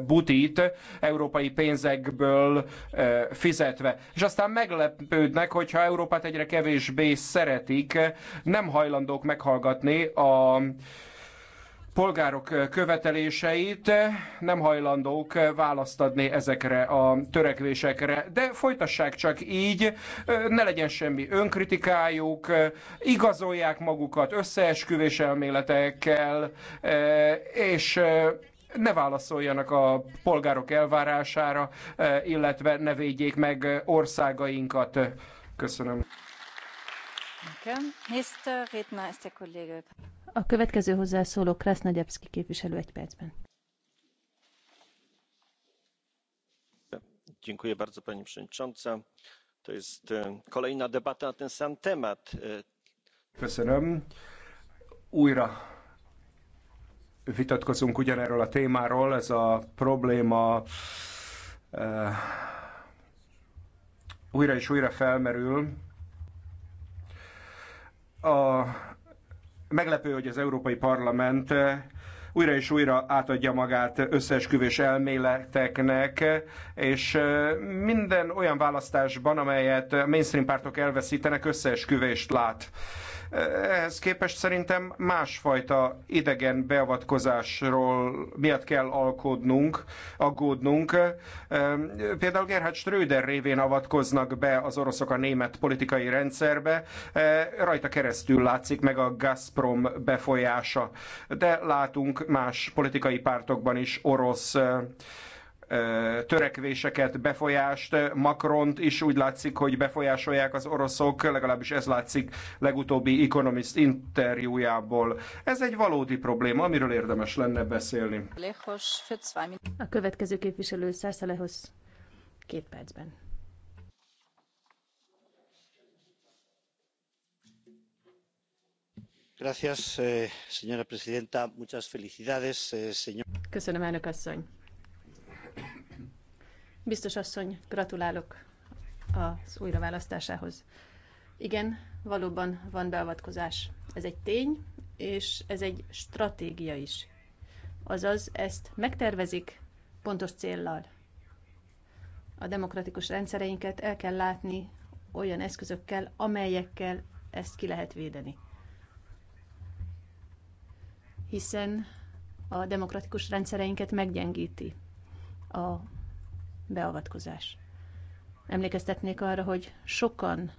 butit európai pénzekből fizetve. És aztán meglepődnek, hogyha Európát egyre kevésbé szeretik, nem hajlandók meghallgatni a polgárok követeléseit, nem hajlandók választ adni ezekre a törekvésekre. De folytassák csak így, ne legyen semmi önkritikájuk, igazolják magukat összeesküvés elméletekkel, és ne válaszoljanak a polgárok elvárására, eh, illetve ne védjék meg országainkat. Köszönöm. A következő hozzászóló Krasznagyepszki képviselő egy percben. Dziękuję bardzo pani przewodnicząca. To jest e, kolejna debata na ten sam temat. E, Köszönöm. Újra vitatkozunk ugyanerről a témáról, ez a probléma eh, újra és újra felmerül. A, meglepő, hogy az Európai Parlament eh, újra és újra átadja magát összeesküvés elméleteknek, és eh, minden olyan választásban, amelyet mainstream pártok elveszítenek, összeesküvést lát. Ehhez képest szerintem másfajta idegen beavatkozásról miatt kell alkodnunk, aggódnunk. Ehm, például Gerhard Schröder révén avatkoznak be az oroszok a német politikai rendszerbe. E, rajta keresztül látszik meg a Gazprom befolyása. De látunk más politikai pártokban is orosz e, törekvéseket, befolyást. Macront is úgy látszik, hogy befolyásolják az oroszok, legalábbis ez látszik legutóbbi Economist interjújából. Ez egy valódi probléma, amiről érdemes lenne beszélni. A következő képviselő Szászalehoz két percben. Gracias, eh, señora presidenta. Muchas felicidades, eh, señor. Köszönöm, elnök asszony. Biztos asszony, gratulálok az újraválasztásához. Igen, valóban van beavatkozás. Ez egy tény, és ez egy stratégia is. Azaz ezt megtervezik pontos céllal. A demokratikus rendszereinket el kell látni olyan eszközökkel, amelyekkel ezt ki lehet védeni. Hiszen a demokratikus rendszereinket meggyengíti a beavatkozás. Emlékeztetnék arra, hogy sokan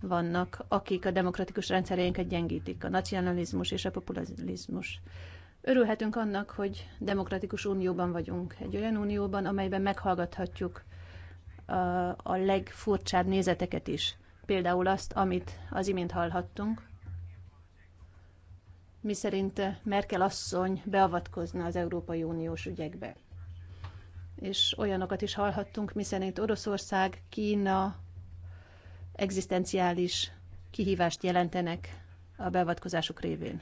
vannak, akik a demokratikus rendszereinket gyengítik, a nacionalizmus és a populizmus. Örülhetünk annak, hogy demokratikus unióban vagyunk, egy olyan unióban, amelyben meghallgathatjuk a, a legfurcsább nézeteket is. Például azt, amit az imént hallhattunk, miszerint Merkel asszony beavatkozna az Európai Uniós ügyekbe és olyanokat is hallhattunk, miszerint Oroszország, Kína egzisztenciális kihívást jelentenek a beavatkozásuk révén.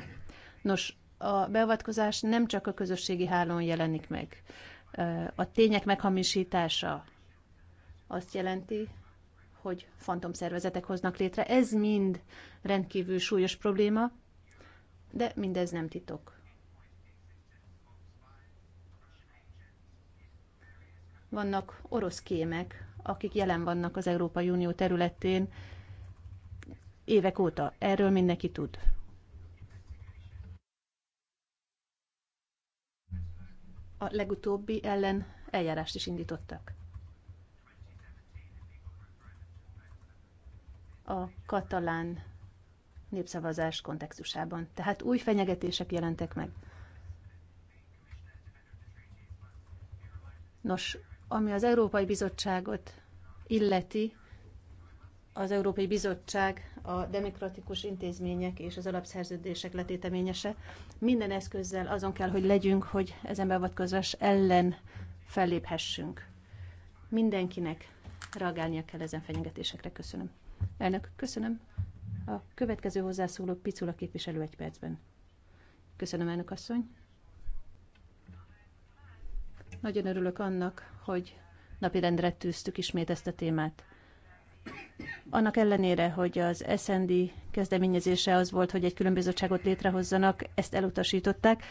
Nos, a beavatkozás nem csak a közösségi hálón jelenik meg. A tények meghamisítása azt jelenti, hogy fantomszervezetek hoznak létre. Ez mind rendkívül súlyos probléma, de mindez nem titok. vannak orosz kémek, akik jelen vannak az Európai Unió területén évek óta. Erről mindenki tud. A legutóbbi ellen eljárást is indítottak. A katalán népszavazás kontextusában. Tehát új fenyegetések jelentek meg. Nos, ami az Európai Bizottságot illeti, az Európai Bizottság a demokratikus intézmények és az alapszerződések letéteményese. Minden eszközzel azon kell, hogy legyünk, hogy ezen beavatkozás ellen felléphessünk. Mindenkinek reagálnia kell ezen fenyegetésekre. Köszönöm. Elnök, köszönöm. A következő hozzászóló Picula képviselő egy percben. Köszönöm, elnök asszony. Nagyon örülök annak, hogy napirendre tűztük ismét ezt a témát. Annak ellenére, hogy az SND kezdeményezése az volt, hogy egy különbizottságot létrehozzanak, ezt elutasították.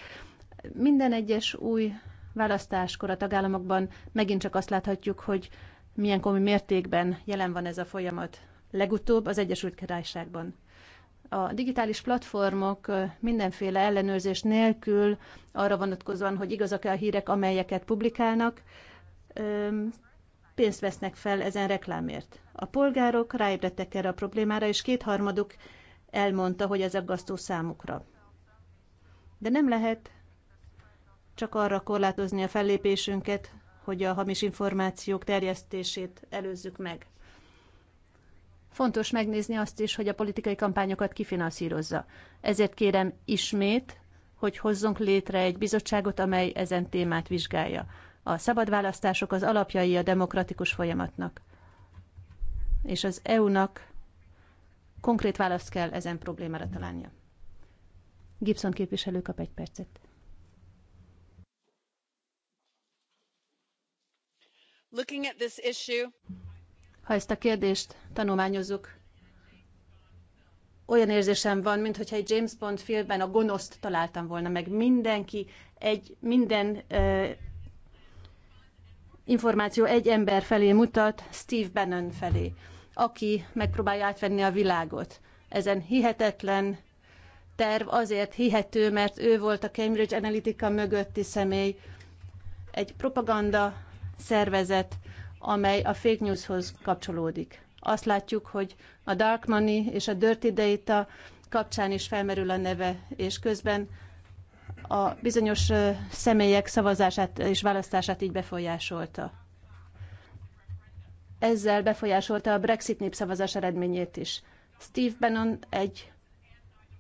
Minden egyes új választáskor a tagállamokban megint csak azt láthatjuk, hogy milyen komoly mértékben jelen van ez a folyamat. Legutóbb az Egyesült Királyságban a digitális platformok mindenféle ellenőrzés nélkül arra vonatkozóan, hogy igazak-e a hírek, amelyeket publikálnak, pénzt vesznek fel ezen reklámért. A polgárok ráébredtek erre a problémára, és kétharmaduk elmondta, hogy ez aggasztó számukra. De nem lehet csak arra korlátozni a fellépésünket, hogy a hamis információk terjesztését előzzük meg fontos megnézni azt is, hogy a politikai kampányokat kifinanszírozza. Ezért kérem ismét, hogy hozzunk létre egy bizottságot, amely ezen témát vizsgálja. A szabad választások az alapjai a demokratikus folyamatnak. És az EU-nak konkrét választ kell ezen problémára találnia. Gibson képviselő kap egy percet. Looking at this issue. Ha ezt a kérdést tanulmányozzuk, olyan érzésem van, mintha egy James Bond filmben a gonoszt találtam volna meg. Mindenki, egy, minden uh, információ egy ember felé mutat, Steve Bannon felé, aki megpróbálja átvenni a világot. Ezen hihetetlen terv azért hihető, mert ő volt a Cambridge Analytica mögötti személy, egy propaganda szervezet, amely a fake newshoz kapcsolódik. Azt látjuk, hogy a dark money és a dirty data kapcsán is felmerül a neve, és közben a bizonyos személyek szavazását és választását így befolyásolta. Ezzel befolyásolta a Brexit népszavazás eredményét is. Steve Bannon egy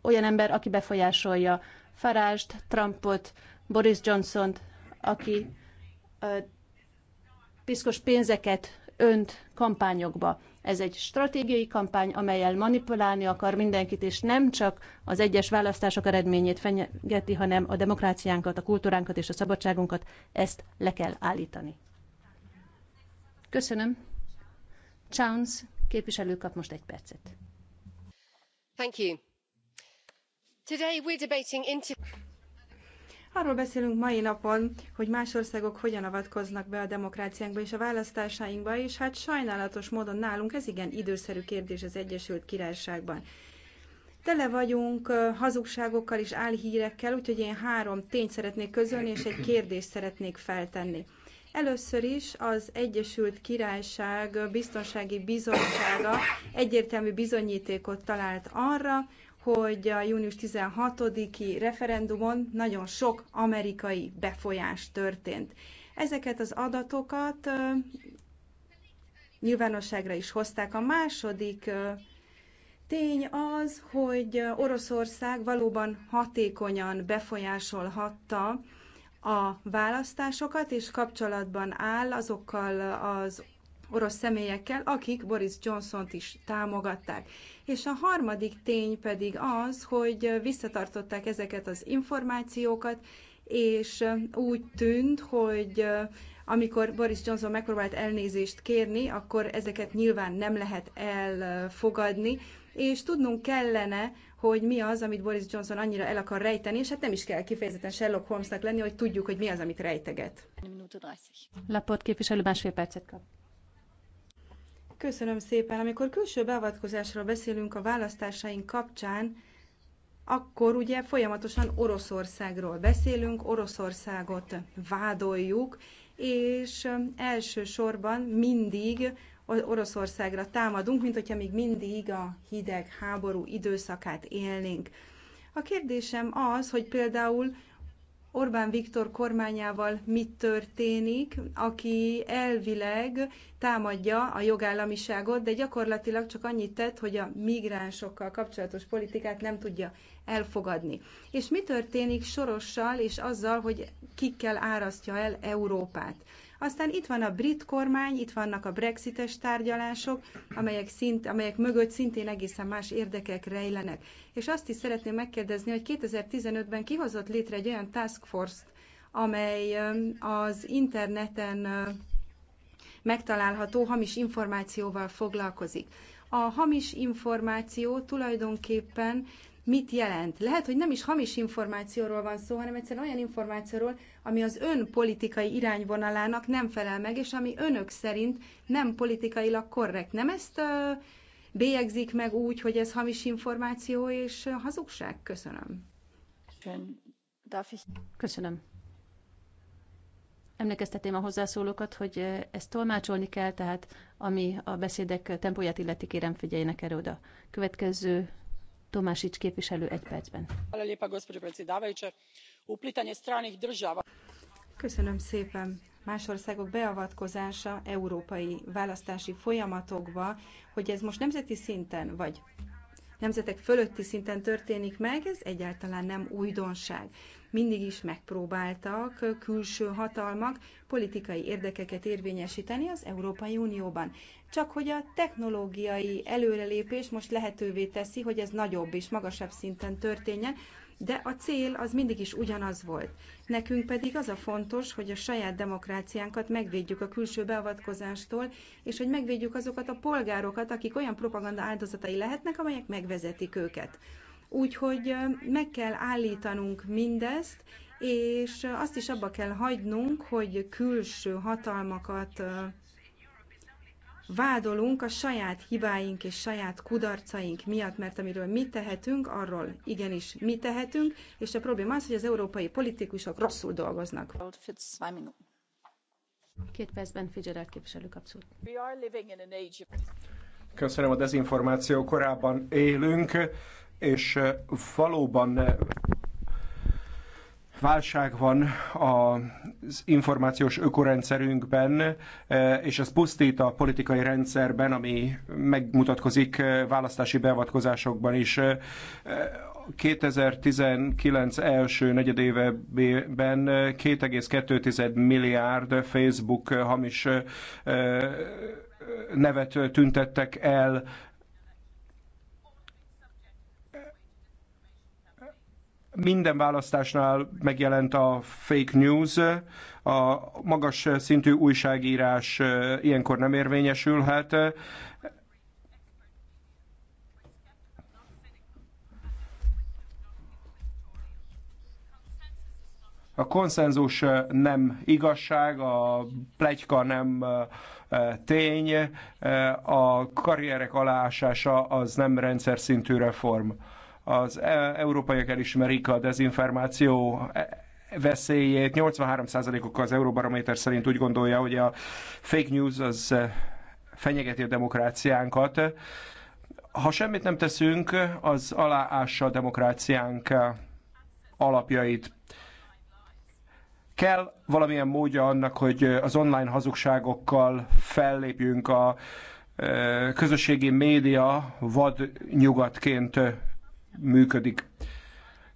olyan ember, aki befolyásolja Farage-t, Trumpot, Boris Johnson-t, aki piszkos pénzeket önt kampányokba. Ez egy stratégiai kampány, amelyel manipulálni akar mindenkit, és nem csak az egyes választások eredményét fenyegeti, hanem a demokráciánkat, a kultúránkat és a szabadságunkat. Ezt le kell állítani. Köszönöm. Chance képviselő kap most egy percet. Thank you. Today we're debating Arról beszélünk mai napon, hogy más országok hogyan avatkoznak be a demokráciánkba és a választásainkba, és hát sajnálatos módon nálunk ez igen időszerű kérdés az Egyesült Királyságban tele vagyunk hazugságokkal és álhírekkel, úgyhogy én három tényt szeretnék közölni, és egy kérdést szeretnék feltenni. Először is az Egyesült Királyság Biztonsági Bizottsága egyértelmű bizonyítékot talált arra, hogy a június 16-i referendumon nagyon sok amerikai befolyás történt. Ezeket az adatokat nyilvánosságra is hozták. A második tény az, hogy Oroszország valóban hatékonyan befolyásolhatta a választásokat, és kapcsolatban áll azokkal az orosz személyekkel, akik Boris Johnson-t is támogatták. És a harmadik tény pedig az, hogy visszatartották ezeket az információkat, és úgy tűnt, hogy amikor Boris Johnson megpróbált elnézést kérni, akkor ezeket nyilván nem lehet elfogadni, és tudnunk kellene, hogy mi az, amit Boris Johnson annyira el akar rejteni, és hát nem is kell kifejezetten Sherlock Holmesnak lenni, hogy tudjuk, hogy mi az, amit rejteget. Lapot képviselő másfél percet kap. Köszönöm szépen. Amikor külső beavatkozásról beszélünk a választásaink kapcsán, akkor ugye folyamatosan Oroszországról beszélünk, Oroszországot vádoljuk, és elsősorban mindig Oroszországra támadunk, mint hogyha még mindig a hideg háború időszakát élnénk. A kérdésem az, hogy például Orbán Viktor kormányával mit történik, aki elvileg támadja a jogállamiságot, de gyakorlatilag csak annyit tett, hogy a migránsokkal kapcsolatos politikát nem tudja elfogadni. És mi történik Sorossal és azzal, hogy kikkel árasztja el Európát? Aztán itt van a brit kormány, itt vannak a brexites tárgyalások, amelyek, szint, amelyek mögött szintén egészen más érdekek rejlenek. És azt is szeretném megkérdezni, hogy 2015-ben kihozott létre egy olyan task force-t, amely az interneten megtalálható hamis információval foglalkozik. A hamis információ tulajdonképpen mit jelent. Lehet, hogy nem is hamis információról van szó, hanem egyszerűen olyan információról, ami az ön politikai irányvonalának nem felel meg, és ami önök szerint nem politikailag korrekt. Nem ezt ö, bélyegzik meg úgy, hogy ez hamis információ és hazugság? Köszönöm. Köszönöm. Emlékeztetném a hozzászólókat, hogy ezt tolmácsolni kell, tehát ami a beszédek tempóját illeti, kérem figyeljenek erre oda. Következő képviselő egy percben. Köszönöm szépen más országok beavatkozása európai választási folyamatokba, hogy ez most nemzeti szinten vagy nemzetek fölötti szinten történik meg, ez egyáltalán nem újdonság mindig is megpróbáltak külső hatalmak politikai érdekeket érvényesíteni az Európai Unióban. Csak hogy a technológiai előrelépés most lehetővé teszi, hogy ez nagyobb és magasabb szinten történjen, de a cél az mindig is ugyanaz volt. Nekünk pedig az a fontos, hogy a saját demokráciánkat megvédjük a külső beavatkozástól, és hogy megvédjük azokat a polgárokat, akik olyan propaganda áldozatai lehetnek, amelyek megvezetik őket. Úgyhogy meg kell állítanunk mindezt, és azt is abba kell hagynunk, hogy külső hatalmakat vádolunk a saját hibáink és saját kudarcaink miatt, mert amiről mi tehetünk, arról igenis mi tehetünk, és a probléma az, hogy az európai politikusok rosszul dolgoznak. Két percben Fitzgerald képviselő kapcsolat. Köszönöm a dezinformáció korában élünk és valóban válság van az információs ökorendszerünkben, és ez pusztít a politikai rendszerben, ami megmutatkozik választási beavatkozásokban is. 2019 első negyedéveben 2,2 milliárd Facebook hamis nevet tüntettek el Minden választásnál megjelent a fake news, a magas szintű újságírás ilyenkor nem érvényesülhet. a konszenzus nem igazság, a plegyka nem tény, a karrierek aláásása az nem rendszer szintű reform az e- európaiak elismerik a dezinformáció e- veszélyét. 83 ok az Euróbarométer szerint úgy gondolja, hogy a fake news az e, fenyegeti a demokráciánkat. Ha semmit nem teszünk, az aláássa a demokráciánk alapjait. Kell valamilyen módja annak, hogy az online hazugságokkal fellépjünk a közösségi média vad nyugatként működik.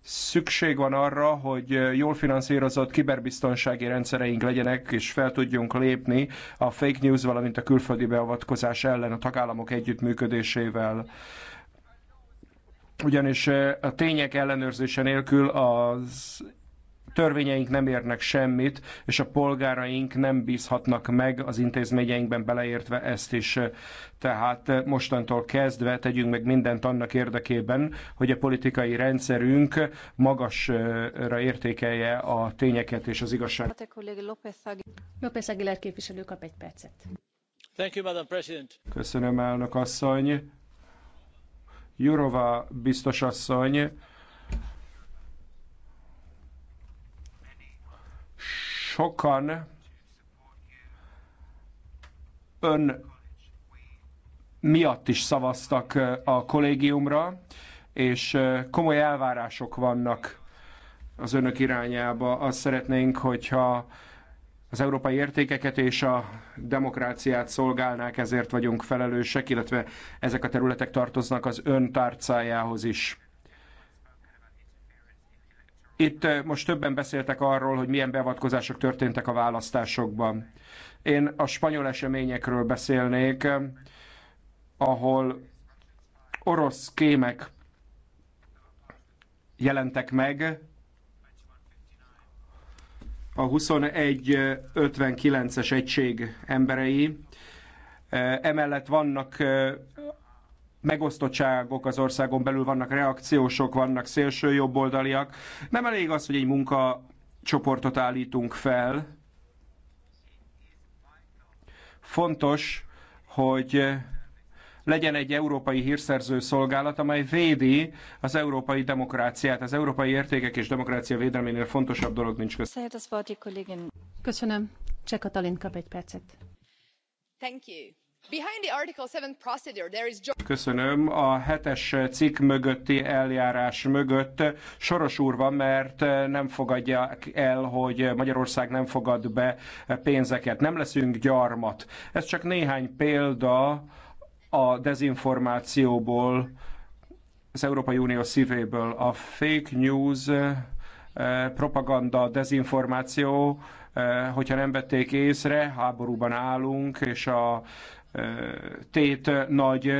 Szükség van arra, hogy jól finanszírozott kiberbiztonsági rendszereink legyenek, és fel tudjunk lépni a fake news, valamint a külföldi beavatkozás ellen a tagállamok együttműködésével ugyanis a tények ellenőrzése nélkül az törvényeink nem érnek semmit, és a polgáraink nem bízhatnak meg az intézményeinkben beleértve ezt is. Tehát mostantól kezdve tegyünk meg mindent annak érdekében, hogy a politikai rendszerünk magasra értékelje a tényeket és az igazságot. López Aguilar képviselő kap egy percet. Thank you, Madam President. Köszönöm, elnök asszony. Jurova biztos asszony, Sokan ön miatt is szavaztak a kollégiumra, és komoly elvárások vannak az önök irányába. Azt szeretnénk, hogyha az európai értékeket és a demokráciát szolgálnák, ezért vagyunk felelősek, illetve ezek a területek tartoznak az ön tárcájához is. Itt most többen beszéltek arról, hogy milyen beavatkozások történtek a választásokban. Én a spanyol eseményekről beszélnék, ahol orosz kémek jelentek meg a 2159-es egység emberei. Emellett vannak megosztottságok az országon belül vannak, reakciósok vannak, szélső jobboldaliak. Nem elég az, hogy egy munkacsoportot állítunk fel. Fontos, hogy legyen egy európai hírszerző szolgálat, amely védi az európai demokráciát. Az európai értékek és demokrácia védelménél fontosabb dolog nincs köszönöm. Köszönöm. Cseh Katalin kap egy percet. Thank you. Köszönöm. A hetes cikk mögötti eljárás mögött Soros úr van, mert eh, nem fogadja el, hogy Magyarország nem fogad be pénzeket. Nem leszünk gyarmat. Ez csak néhány példa a dezinformációból, az Európai Unió szívéből. A fake news, eh, propaganda, dezinformáció eh, hogyha nem vették észre, háborúban állunk, és a tét nagy.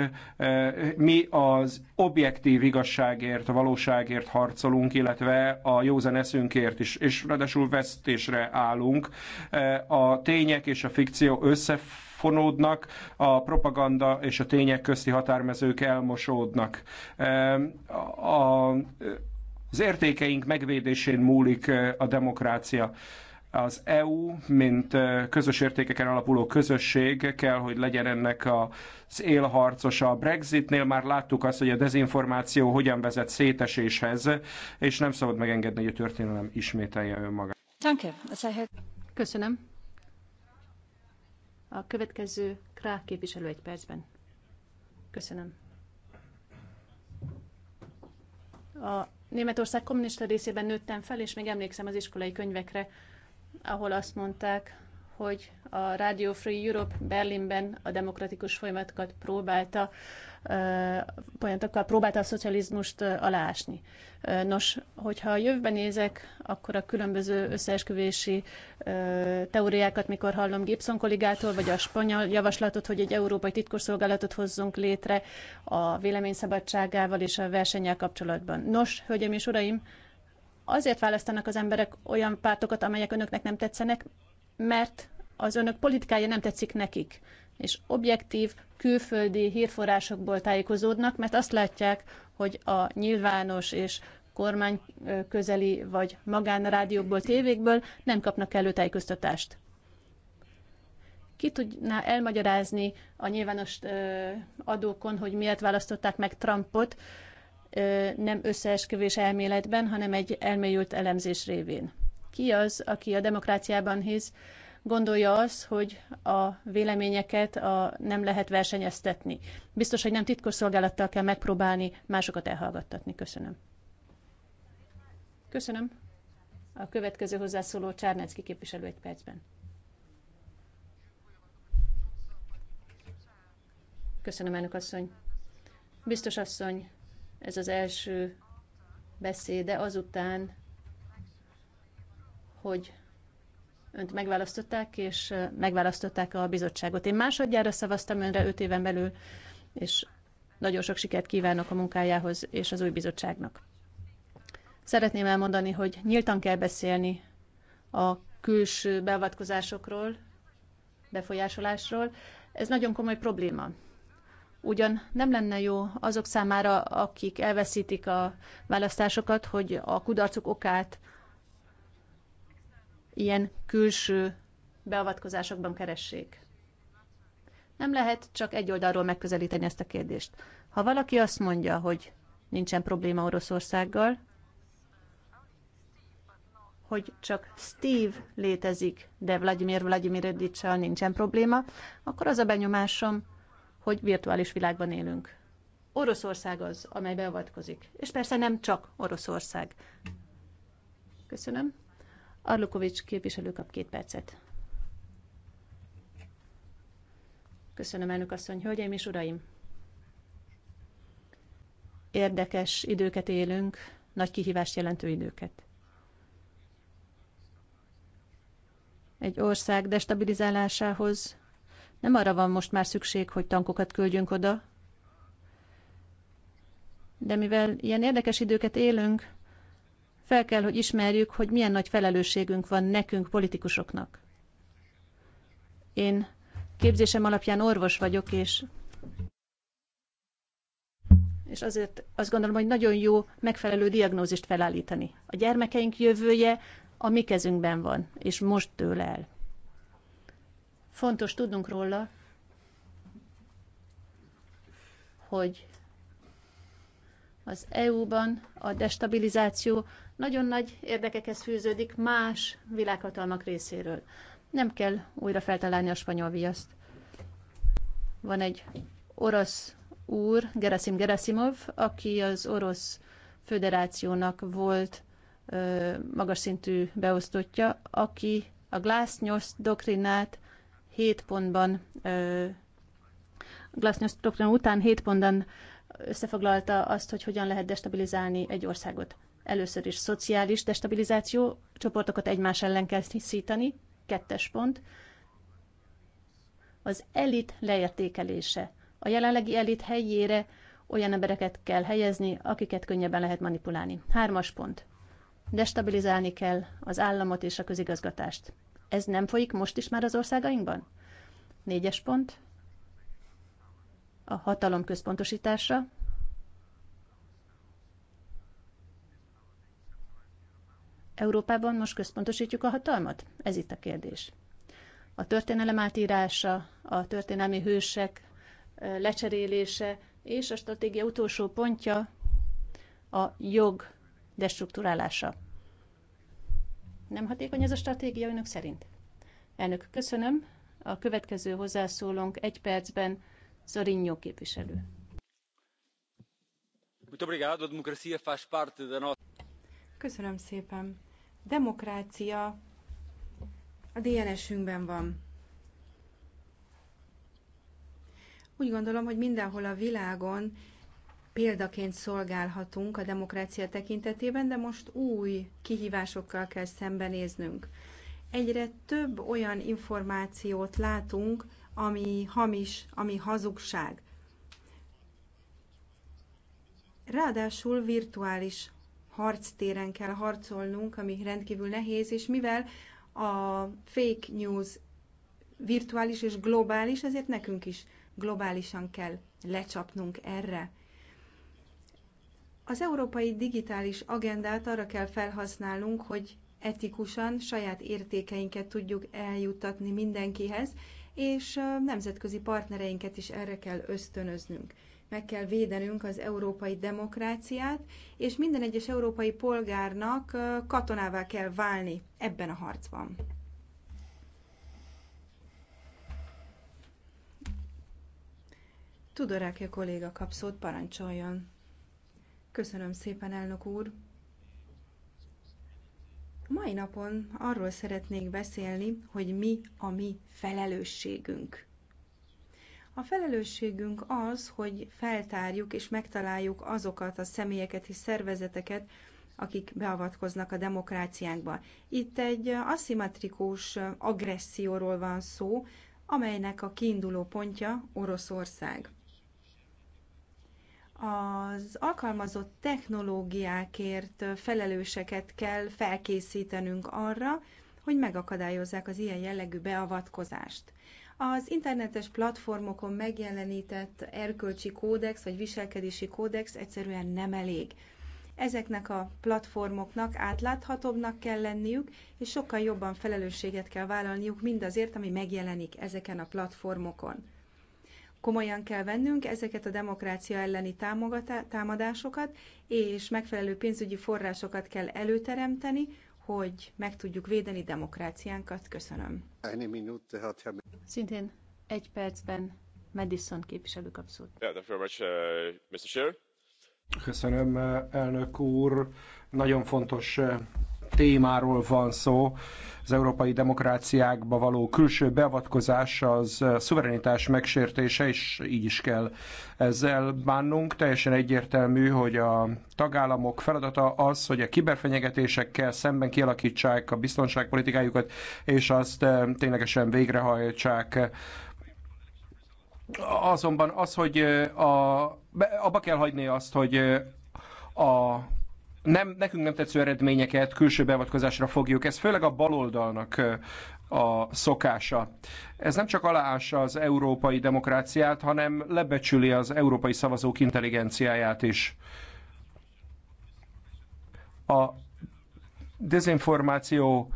Mi az objektív igazságért, a valóságért harcolunk, illetve a józan eszünkért is, és ráadásul vesztésre állunk. A tények és a fikció összefonódnak, fonódnak, a propaganda és a tények közti határmezők elmosódnak. A, az értékeink megvédésén múlik a demokrácia. Az EU, mint közös értékeken alapuló közösség kell, hogy legyen ennek az élharcosa. A Brexitnél már láttuk azt, hogy a dezinformáció hogyan vezet széteséshez, és nem szabad megengedni, hogy a történelem ismételje önmagát. Köszönöm. A következő Krá képviselő egy percben. Köszönöm. A Németország kommunista részében nőttem fel, és még emlékszem az iskolai könyvekre, ahol azt mondták, hogy a Radio Free Europe Berlinben a demokratikus folyamatokat próbálta, folyamatokkal próbálta a szocializmust aláásni. Nos, hogyha a jövőben nézek, akkor a különböző összeesküvési teóriákat, mikor hallom Gibson kollégától, vagy a spanyol javaslatot, hogy egy európai titkosszolgálatot hozzunk létre a vélemény szabadságával és a versennyel kapcsolatban. Nos, hölgyeim és uraim, azért választanak az emberek olyan pártokat, amelyek önöknek nem tetszenek, mert az önök politikája nem tetszik nekik, és objektív, külföldi hírforrásokból tájékozódnak, mert azt látják, hogy a nyilvános és kormány közeli vagy magánrádiókból, tévékből nem kapnak elő tájékoztatást. Ki tudná elmagyarázni a nyilvános adókon, hogy miért választották meg Trumpot, nem összeesküvés elméletben, hanem egy elmélyült elemzés révén. Ki az, aki a demokráciában hisz, gondolja az, hogy a véleményeket a, nem lehet versenyeztetni. Biztos, hogy nem szolgálattal kell megpróbálni másokat elhallgattatni. Köszönöm. Köszönöm. A következő hozzászóló Csárnecki képviselő egy percben. Köszönöm, elnök asszony. Biztos asszony, ez az első beszéde azután, hogy önt megválasztották, és megválasztották a bizottságot. Én másodjára szavaztam önre öt éven belül, és nagyon sok sikert kívánok a munkájához és az új bizottságnak. Szeretném elmondani, hogy nyíltan kell beszélni a külső beavatkozásokról, befolyásolásról. Ez nagyon komoly probléma. Ugyan nem lenne jó azok számára, akik elveszítik a választásokat, hogy a kudarcok okát ilyen külső beavatkozásokban keressék. Nem lehet csak egy oldalról megközelíteni ezt a kérdést. Ha valaki azt mondja, hogy nincsen probléma Oroszországgal, hogy csak Steve létezik, de Vladimir Vladimir Edicsal nincsen probléma, akkor az a benyomásom, hogy virtuális világban élünk. Oroszország az, amely beavatkozik. És persze nem csak Oroszország. Köszönöm. Arlukovics képviselő kap két percet. Köszönöm, elnök asszony, hölgyeim és uraim! Érdekes időket élünk, nagy kihívást jelentő időket. Egy ország destabilizálásához nem arra van most már szükség, hogy tankokat küldjünk oda, de mivel ilyen érdekes időket élünk, fel kell, hogy ismerjük, hogy milyen nagy felelősségünk van nekünk, politikusoknak. Én képzésem alapján orvos vagyok, és és azért azt gondolom, hogy nagyon jó megfelelő diagnózist felállítani. A gyermekeink jövője a mi kezünkben van, és most tőle el. Fontos tudnunk róla, hogy az EU-ban a destabilizáció nagyon nagy érdekekhez fűződik más világhatalmak részéről. Nem kell újra feltalálni a spanyol viaszt. Van egy orosz úr, Gerasim Gerasimov, aki az orosz föderációnak volt ö, magas szintű beosztottja, aki a glásznyos doktrinát 7 pontban, Glasnyos Stockton után 7 pontban összefoglalta azt, hogy hogyan lehet destabilizálni egy országot. Először is szociális destabilizáció, csoportokat egymás ellen kell szítani, kettes pont. Az elit leértékelése. A jelenlegi elit helyére olyan embereket kell helyezni, akiket könnyebben lehet manipulálni. Hármas pont. Destabilizálni kell az államot és a közigazgatást. Ez nem folyik most is már az országainkban? Négyes pont. A hatalom központosítása. Európában most központosítjuk a hatalmat? Ez itt a kérdés. A történelem átírása, a történelmi hősek lecserélése és a stratégia utolsó pontja a jog destruktúrálása. Nem hatékony ez a stratégia önök szerint? Elnök, köszönöm. A következő hozzászólónk egy percben Zorinnyó képviselő. Köszönöm szépen. Demokrácia a DNS-ünkben van. Úgy gondolom, hogy mindenhol a világon példaként szolgálhatunk a demokrácia tekintetében, de most új kihívásokkal kell szembenéznünk. Egyre több olyan információt látunk, ami hamis, ami hazugság. Ráadásul virtuális harctéren kell harcolnunk, ami rendkívül nehéz, és mivel a fake news virtuális és globális, ezért nekünk is globálisan kell lecsapnunk erre. Az európai digitális agendát arra kell felhasználnunk, hogy etikusan saját értékeinket tudjuk eljuttatni mindenkihez, és nemzetközi partnereinket is erre kell ösztönöznünk. Meg kell védenünk az európai demokráciát, és minden egyes európai polgárnak katonává kell válni ebben a harcban. Tudorák, a kolléga kapszót parancsoljon. Köszönöm szépen, elnök úr! Mai napon arról szeretnék beszélni, hogy mi a mi felelősségünk. A felelősségünk az, hogy feltárjuk és megtaláljuk azokat a személyeket és szervezeteket, akik beavatkoznak a demokráciánkba. Itt egy aszimmetrikus agresszióról van szó, amelynek a kiinduló pontja Oroszország az alkalmazott technológiákért felelőseket kell felkészítenünk arra, hogy megakadályozzák az ilyen jellegű beavatkozást. Az internetes platformokon megjelenített erkölcsi kódex vagy viselkedési kódex egyszerűen nem elég. Ezeknek a platformoknak átláthatóbbnak kell lenniük, és sokkal jobban felelősséget kell vállalniuk mindazért, ami megjelenik ezeken a platformokon. Komolyan kell vennünk ezeket a demokrácia elleni támadásokat, és megfelelő pénzügyi forrásokat kell előteremteni, hogy meg tudjuk védeni demokráciánkat. Köszönöm. Hát, hát, Szintén egy percben Madison képviselő kapszót. Uh, Köszönöm, uh, elnök úr. Nagyon fontos uh, témáról van szó. Az európai demokráciákba való külső beavatkozás az szuverenitás megsértése, és így is kell ezzel bánnunk. Teljesen egyértelmű, hogy a tagállamok feladata az, hogy a kiberfenyegetésekkel szemben kialakítsák a biztonságpolitikájukat, és azt eh, ténylegesen végrehajtsák. Azonban az, hogy eh, a, abba kell hagyni azt, hogy eh, a nem, nekünk nem tetsző eredményeket külső beavatkozásra fogjuk. Ez főleg a baloldalnak a szokása. Ez nem csak aláássa az európai demokráciát, hanem lebecsüli az európai szavazók intelligenciáját is. A dezinformáció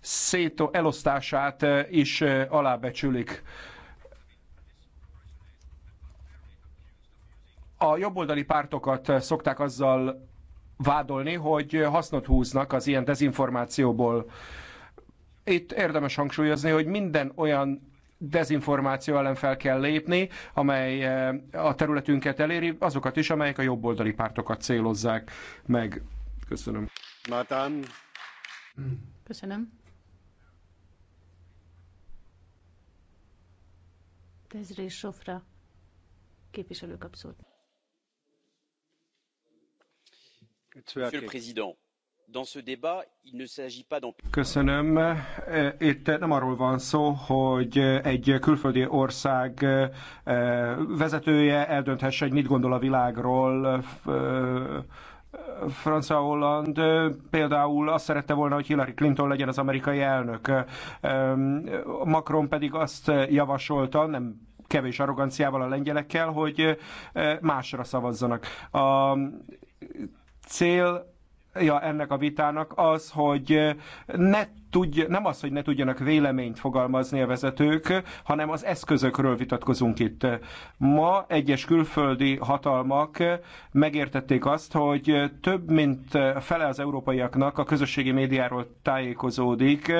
széto elosztását is alábecsülik. A jobboldali pártokat szokták azzal vádolni, hogy hasznot húznak az ilyen dezinformációból. Itt érdemes hangsúlyozni, hogy minden olyan dezinformáció ellen fel kell lépni, amely eh, a területünket eléri, azokat is, amelyek a jobboldali pártokat célozzák meg. Köszönöm. Mátán. Köszönöm. Tezré Sofra képviselő kap monsieur le président dans ce débat il ne s'agit pas Köszönöm. Eh, itt nem arról van szó, hogy egy külföldi ország eh, vezetője eldönthesse, hogy mit gondol a világról. Eh, Francia Holland például azt szerette volna, hogy Hillary Clinton legyen az amerikai elnök. Macron pedig azt javasolta, nem kevés arroganciával a lengyelekkel, hogy másra szavazzanak. A célja ennek a vitának az, hogy ne tudj, nem az, hogy ne tudjanak véleményt fogalmazni a vezetők, hanem az eszközökről vitatkozunk itt. Ma egyes külföldi hatalmak megértették azt, hogy több mint fele az európaiaknak a közösségi médiáról tájékozódik,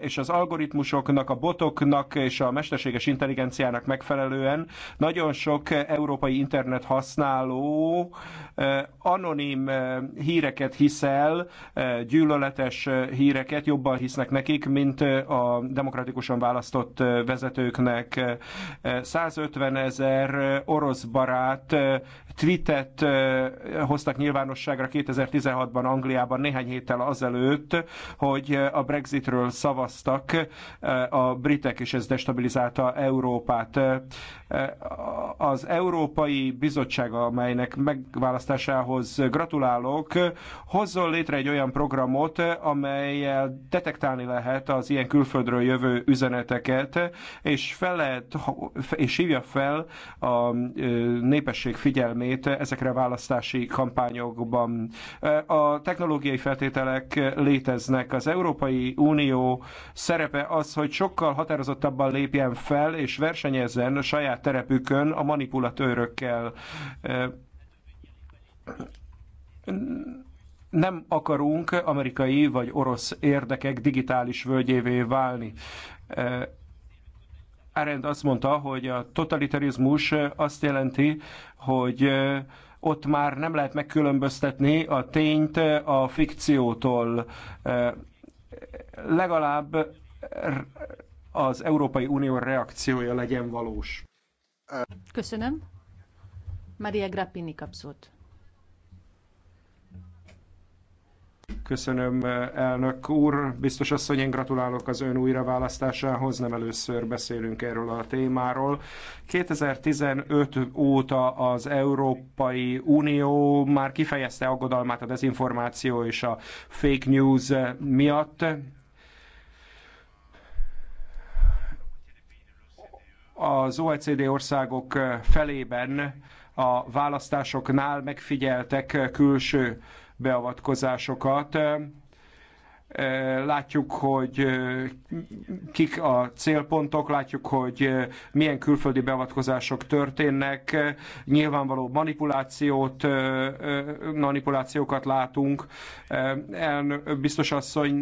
és az algoritmusoknak, a botoknak és a mesterséges intelligenciának megfelelően nagyon sok európai internet használó eh, anonim eh, híreket hiszel, eh, gyűlöletes híreket, jobb jobban hisznek nekik, mint a demokratikusan választott vezetőknek. 150 ezer orosz barát tweetet hoztak nyilvánosságra 2016-ban Angliában néhány héttel azelőtt, hogy a Brexitről szavaztak a britek, és ez destabilizálta Európát. Az Európai Bizottság, amelynek megválasztásához gratulálok, hozzon létre egy olyan programot, amelyel detektálni lehet az ilyen külföldről jövő üzeneteket, és, fel lehet, és hívja fel a népesség figyelmét figyelmét ezekre a választási kampányokban. A technológiai feltételek léteznek. Az Európai Unió szerepe az, hogy sokkal határozottabban lépjen fel és versenyezzen a saját terepükön a manipulatőrökkel nem akarunk amerikai vagy orosz érdekek digitális völgyévé válni. Arendt azt mondta, hogy a totalitarizmus azt jelenti, hogy ott már nem lehet megkülönböztetni a tényt a fikciótól. Legalább az Európai Unió reakciója legyen valós. Köszönöm. Maria Grappini kapszót. Köszönöm, elnök úr. Biztos asszony, én gratulálok az ön újraválasztásához. Nem először beszélünk erről a témáról. 2015 óta az Európai Unió már kifejezte aggodalmát a dezinformáció és a fake news miatt. Az OECD országok felében a választásoknál megfigyeltek külső beavatkozásokat Eh, látjuk, hogy eh, kik a célpontok, látjuk, hogy eh, milyen külföldi beavatkozások történnek, nyilvánvaló manipulációt, manipulációkat látunk. El, biztos asszony,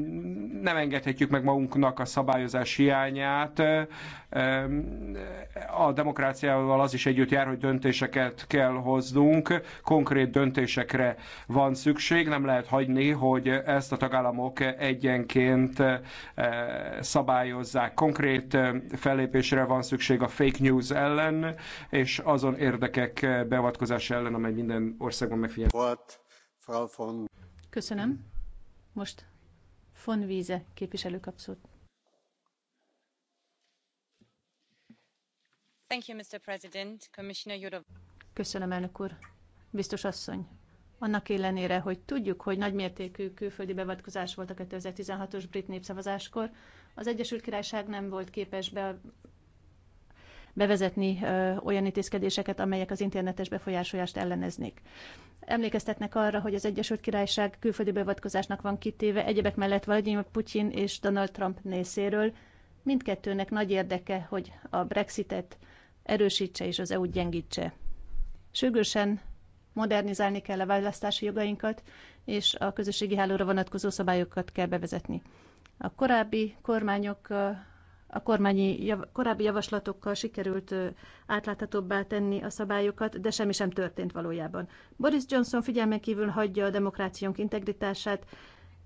nem engedhetjük meg magunknak a szabályozás hiányát. A demokráciával az is együtt jár, hogy döntéseket kell hoznunk, konkrét döntésekre van szükség, nem lehet hagyni, hogy ezt a tagállamok egyenként eh, szabályozzák. Konkrét eh, fellépésre van szükség a fake news ellen, és azon érdekek eh, beavatkozása ellen, amely minden országban megfigyel. Köszönöm. Most von Wiese képviselő kap Köszönöm, elnök úr. Biztos asszony, annak ellenére, hogy tudjuk, hogy nagymértékű külföldi beavatkozás volt a 2016-os brit népszavazáskor, az Egyesült Királyság nem volt képes be, bevezetni ö, olyan intézkedéseket, amelyek az internetes befolyásolást elleneznék. Emlékeztetnek arra, hogy az Egyesült Királyság külföldi beavatkozásnak van kitéve, egyebek mellett Vladimir Putin és Donald Trump nézéről Mindkettőnek nagy érdeke, hogy a Brexitet erősítse és az EU-t gyengítse. Sürgősen modernizálni kell a választási jogainkat, és a közösségi hálóra vonatkozó szabályokat kell bevezetni. A korábbi kormányok a kormányi jav, korábbi javaslatokkal sikerült átláthatóbbá tenni a szabályokat, de semmi sem történt valójában. Boris Johnson figyelmen kívül hagyja a demokrációnk integritását,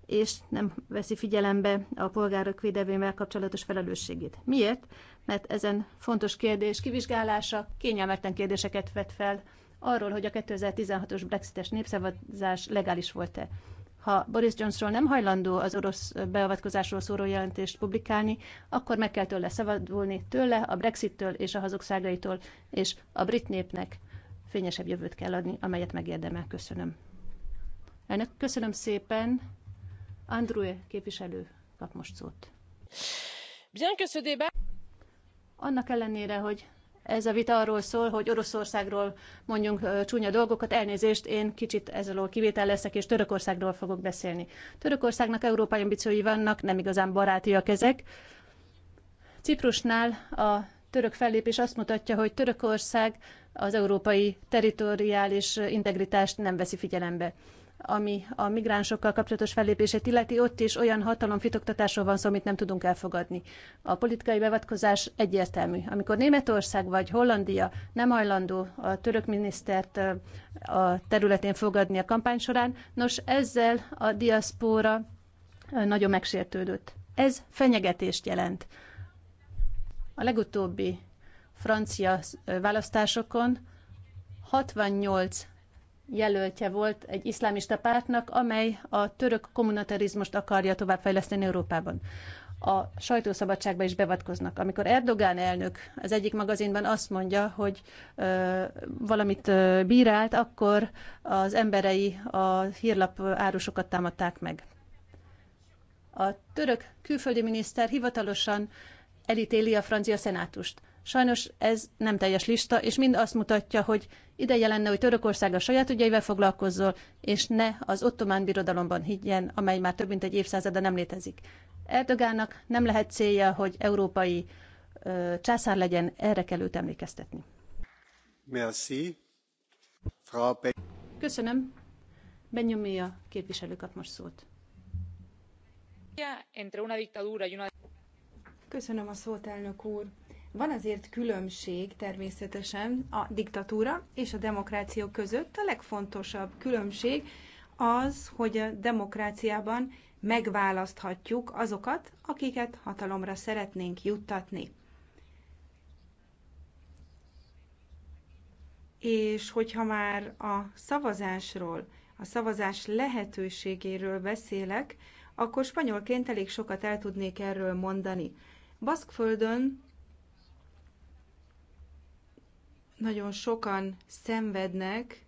és nem veszi figyelembe a polgárok védelmével kapcsolatos felelősségét. Miért? Mert ezen fontos kérdés kivizsgálása kényelmetlen kérdéseket vet fel arról, hogy a 2016-os brexites népszavazás legális volt-e. Ha Boris Johnsonról nem hajlandó az orosz beavatkozásról szóló jelentést publikálni, akkor meg kell tőle szabadulni, tőle, a Brexittől és a hazugságaitól, és a brit népnek fényesebb jövőt kell adni, amelyet megérdemel. Köszönöm. Elnök, köszönöm szépen. Andrew képviselő kap most szót. Annak ellenére, hogy ez a vita arról szól, hogy Oroszországról mondjunk csúnya dolgokat, elnézést, én kicsit ezzel kivétel leszek, és Törökországról fogok beszélni. Törökországnak európai ambíciói vannak, nem igazán barátiak ezek. Ciprusnál a török fellépés azt mutatja, hogy Törökország az európai teritoriális integritást nem veszi figyelembe ami a migránsokkal kapcsolatos fellépését illeti, ott is olyan hatalom fitoktatásról van szó, amit nem tudunk elfogadni. A politikai beavatkozás egyértelmű. Amikor Németország vagy Hollandia nem hajlandó a török minisztert a területén fogadni a kampány során, nos ezzel a diaszpóra nagyon megsértődött. Ez fenyegetést jelent. A legutóbbi francia választásokon 68 jelöltje volt egy iszlámista pártnak, amely a török kommunitarizmust akarja továbbfejleszteni Európában. A sajtószabadságba is bevatkoznak. Amikor Erdogán elnök az egyik magazinban azt mondja, hogy ö, valamit ö, bírált, akkor az emberei a hírlap árusokat támadták meg. A török külföldi miniszter hivatalosan elítéli a francia szenátust. Sajnos ez nem teljes lista, és mind azt mutatja, hogy ideje lenne, hogy Törökország a saját ügyeivel foglalkozzon, és ne az ottomán birodalomban higgyen, amely már több mint egy évszázada nem létezik. Erdogának nem lehet célja, hogy európai ö, császár legyen, erre kell őt emlékeztetni. Merci. Frau Be- Köszönöm. Benyomé a képviselő kap most szót. Köszönöm a szót, elnök úr van azért különbség természetesen a diktatúra és a demokráció között. A legfontosabb különbség az, hogy a demokráciában megválaszthatjuk azokat, akiket hatalomra szeretnénk juttatni. És hogyha már a szavazásról, a szavazás lehetőségéről beszélek, akkor spanyolként elég sokat el tudnék erről mondani. Baszkföldön Nagyon sokan szenvednek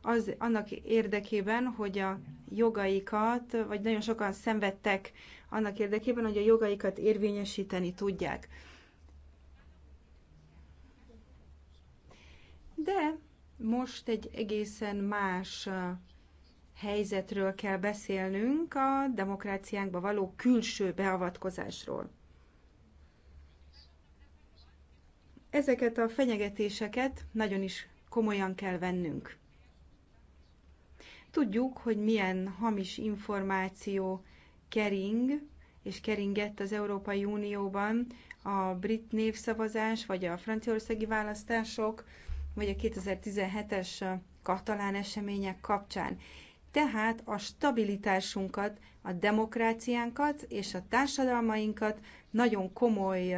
az, annak érdekében, hogy a jogaikat, vagy nagyon sokan szenvedtek annak érdekében, hogy a jogaikat érvényesíteni tudják. De most egy egészen más uh, helyzetről kell beszélnünk, a demokráciánkba való külső beavatkozásról. Ezeket a fenyegetéseket nagyon is komolyan kell vennünk. Tudjuk, hogy milyen hamis információ kering és keringett az Európai Unióban a brit névszavazás, vagy a franciaországi választások, vagy a 2017-es katalán események kapcsán. Tehát a stabilitásunkat, a demokráciánkat és a társadalmainkat nagyon komoly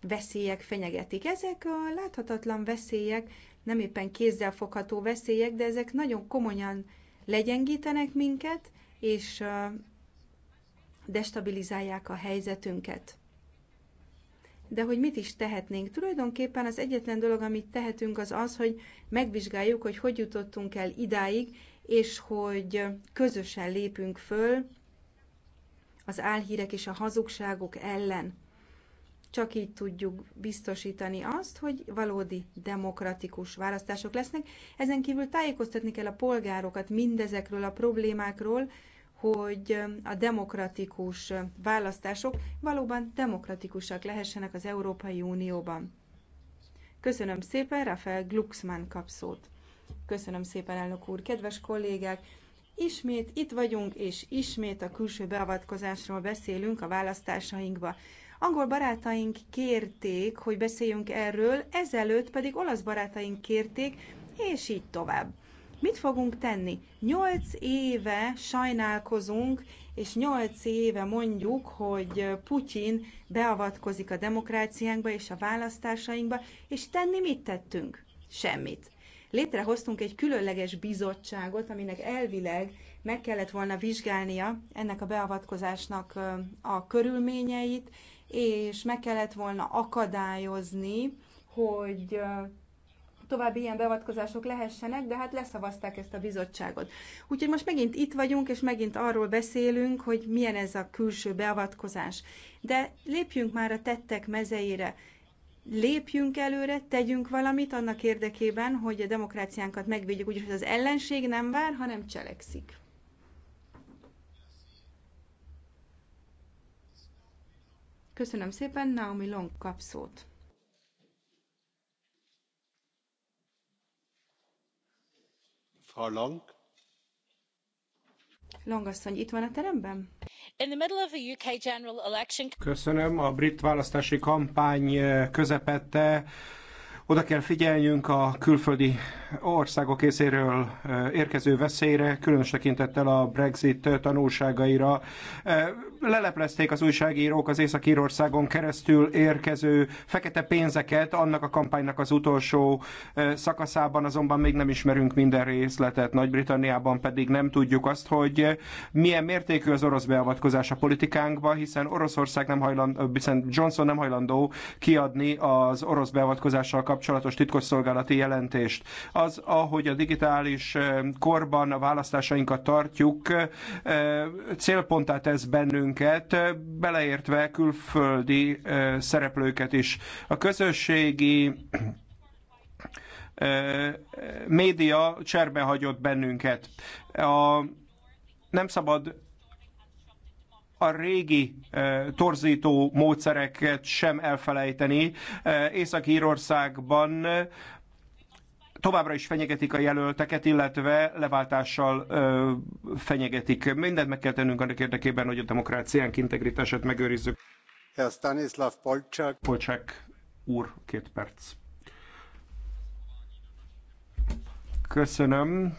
veszélyek fenyegetik. Ezek a láthatatlan veszélyek, nem éppen kézzelfogható veszélyek, de ezek nagyon komolyan legyengítenek minket, és destabilizálják a helyzetünket. De hogy mit is tehetnénk? Tulajdonképpen az egyetlen dolog, amit tehetünk, az az, hogy megvizsgáljuk, hogy hogy jutottunk el idáig, és hogy közösen lépünk föl az álhírek és a hazugságok ellen. Csak így tudjuk biztosítani azt, hogy valódi demokratikus választások lesznek. Ezen kívül tájékoztatni kell a polgárokat mindezekről a problémákról, hogy a demokratikus választások valóban demokratikusak lehessenek az Európai Unióban. Köszönöm szépen, Rafael Glucksmann kapszót. Köszönöm szépen, elnök úr, kedves kollégák! Ismét itt vagyunk, és ismét a külső beavatkozásról beszélünk a választásainkba. Angol barátaink kérték, hogy beszéljünk erről, ezelőtt pedig olasz barátaink kérték, és így tovább. Mit fogunk tenni? Nyolc éve sajnálkozunk, és nyolc éve mondjuk, hogy Putyin beavatkozik a demokráciánkba és a választásainkba, és tenni mit tettünk? Semmit. Létrehoztunk egy különleges bizottságot, aminek elvileg meg kellett volna vizsgálnia ennek a beavatkozásnak a körülményeit, és meg kellett volna akadályozni, hogy további ilyen beavatkozások lehessenek, de hát leszavazták ezt a bizottságot. Úgyhogy most megint itt vagyunk, és megint arról beszélünk, hogy milyen ez a külső beavatkozás. De lépjünk már a tettek mezeire. Lépjünk előre, tegyünk valamit annak érdekében, hogy a demokráciánkat megvédjük, úgyhogy az ellenség nem vár, hanem cselekszik. Köszönöm szépen, Naomi Long kap szót. Frau Long? Long asszony, itt van a teremben? In the middle of a UK general election... Köszönöm, a brit választási kampány eh, közepette. Oda kell figyelnünk a külföldi országok részéről érkező veszélyre, különös tekintettel a Brexit tanulságaira. Leleplezték az újságírók az Észak-Írországon keresztül érkező fekete pénzeket, annak a kampánynak az utolsó szakaszában azonban még nem ismerünk minden részletet, Nagy-Britanniában pedig nem tudjuk azt, hogy milyen mértékű az orosz beavatkozás a politikánkba, hiszen Oroszország nem hajlandó, hiszen Johnson nem hajlandó kiadni az orosz beavatkozással kapcsolatos titkosszolgálati jelentést az, ahogy a digitális eh, korban a választásainkat tartjuk, eh, célpontá tesz bennünket, eh, beleértve külföldi szereplőket is. A közösségi média cserbe hagyott bennünket. A, nem szabad a régi torzító módszereket sem elfelejteni. Észak-Írországban továbbra is fenyegetik a jelölteket, illetve leváltással ö, fenyegetik. Mindent meg kell tennünk annak érdekében, hogy a demokráciánk integritását megőrizzük. Herr Stanislav Polcsák. Polcsák úr, két perc. Köszönöm.